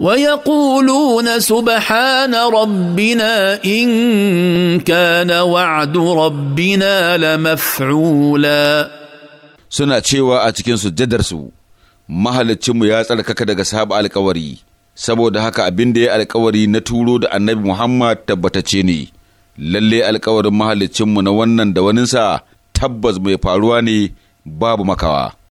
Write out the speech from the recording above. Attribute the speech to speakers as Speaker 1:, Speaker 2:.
Speaker 1: ويقولون سبحان ربنا ان
Speaker 2: كان وعد ربنا لمفعولا suna cewa a cikin sujjadarsu mahalicinmu ya tsarkaka daga saba alkawari saboda haka abin da ya alkawari na turo da annabi muhammad tabbatace ne lalle alkawarin mahalicinmu na wannan da waninsa tabbas mai faruwa ne
Speaker 3: babu makawa